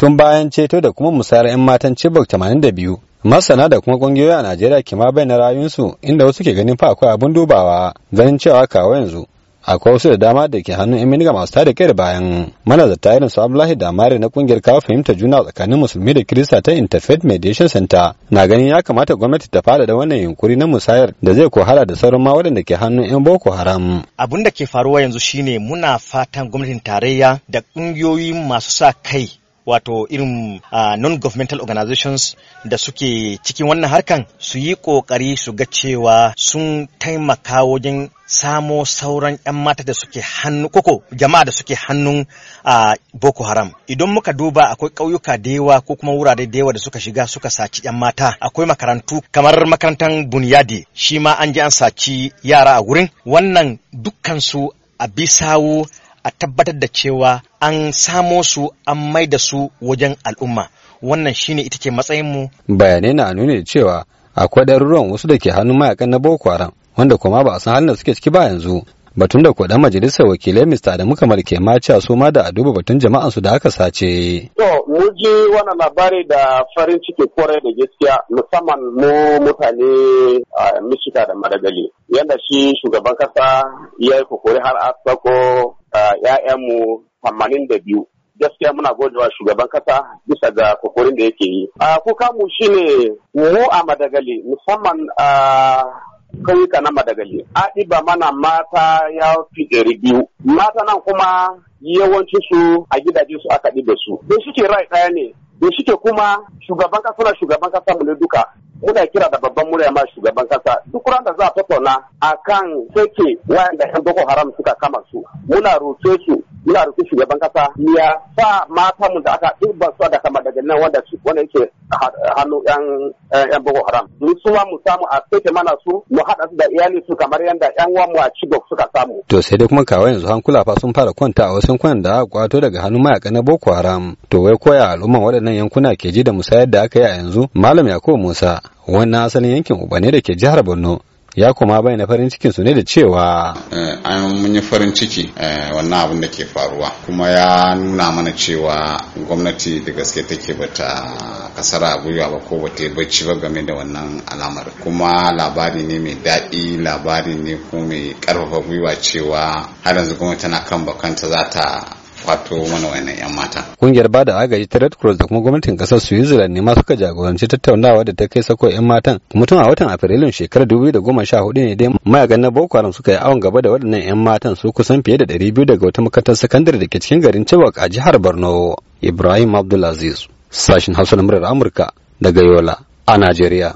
tun bayan ceto da kuma musayar 'yan matan Chibok 82. Masana da kuma ƙungiyoyi a Najeriya ke kima bayyana rayuwarsu inda wasu ke ganin fa akwai abin dubawa ganin cewa kawo yanzu akwai wasu da dama da ke hannun yan ga masu tada kai bayan manazarta irin su Abdullahi Damare na kungiyar kawo fahimta juna tsakanin musulmi da kirista ta Interfaith Mediation Center na ganin ya kamata gwamnati ta fara da wannan yunkuri na musayar da zai kohara da sauran ma waɗanda ke hannun yan Boko Haram. Abin da ke faruwa yanzu shine muna fatan gwamnatin tarayya da kungiyoyi masu sa kai wato irin ah, non-governmental organizations da suke cikin wannan harkan su yi ƙoƙari su ga cewa sun taimaka wajen samo sauran 'yan mata da suke hannu koko jama'a da suke hannun a ah, boko haram idan muka duba akwai ƙauyuka da yawa ko kuma wurare da yawa da suka shiga suka saci 'yan mata akwai makarantu kamar makarantar bunyadi shi ma an ji an saci yara a wurin. wannan dukkansu a bisawo a tabbatar da cewa an samo su an mai da su wajen al'umma wannan shine ita ce matsayinmu bayanai na nuna da cewa akwai ɗaruruwan wasu da ke hannun mayakan na boko haram wanda kuma ba a san halin da suke ciki ba yanzu batun da kuɗa majalisar wakilai mr adamu kamar ke cewa su ma da a duba batun jama'an su da aka sace. to mu ji wannan labari da farin ciki kwarai da gaskiya musamman mu mutane a michigan da madagali yadda shi shugaban kasa ya yi kokori har a sako Eh, 'ya'yanmu tamanin da biyu gaskiya muna godewa shugaban kasa bisa ga kokorin da yake yi. a ah, Kuka mu shine mu a Madagali musamman a ah, kauyuka na Madagali. ɗiba mana mata ya fi ɗari biyu. Mata nan kuma yawanci su a gidaje su aka ɗiba su. Da suke rai ɗaya ne. Da suke kuma shugaban kasa na shugaban kasa mu ne duka. muna kira da babban murya ma shugaban kasa duk ran da za a tattauna akan sake wayanda yan boko haram suka kama su muna roke su muna roƙi shugaban kasa ya sa mata mu da aka duba su da kama daga nan wanda wanda yake hannu yan eh, yan boko haram mu suwa mu samu a sake mana su mu haɗa su da iyali su kamar yadda yan uwan mu a cigo suka samu to sai dai kuma kawai yanzu hankula fa sun fara kwanta a wasu kwan da aka kwato daga hannu mayaka na boko haram to wai koya al'umma waɗannan yankuna ke ji da musayar da aka yi a yanzu malam yakubu musa wannan asalin yankin uba ne da ke jihar borno ya kuma bayyana farin cikin su ne da cewa eh, an mun yi farin ciki eh, wannan abin da ke faruwa kuma ya nuna mana cewa gwamnati da gaske take bata kasar a gwiwa ba ko bata yi bacci ba game da wannan alamar kuma labari ne mai daɗi labari ne kuma mai karfafa gwiwa cewa har yanzu gwamnati tana kan bakanta za ta wato mana wayannan yan mata. Kungiyar ba da agaji ta Red Cross da kuma gwamnatin kasar Switzerland ne ma suka jagoranci tattaunawa da ta kai sako yan matan. Mutum a watan Afrilun shekarar da goma sha hudu ne dai mayagan na Boko Haram suka yi awon gaba da waɗannan yan matan su kusan fiye da ɗari biyu daga wata makarantar sakandare da ke cikin garin Chibok a jihar Borno. Ibrahim Abdulaziz, sashin Hausa na Amurka daga Yola a Najeriya.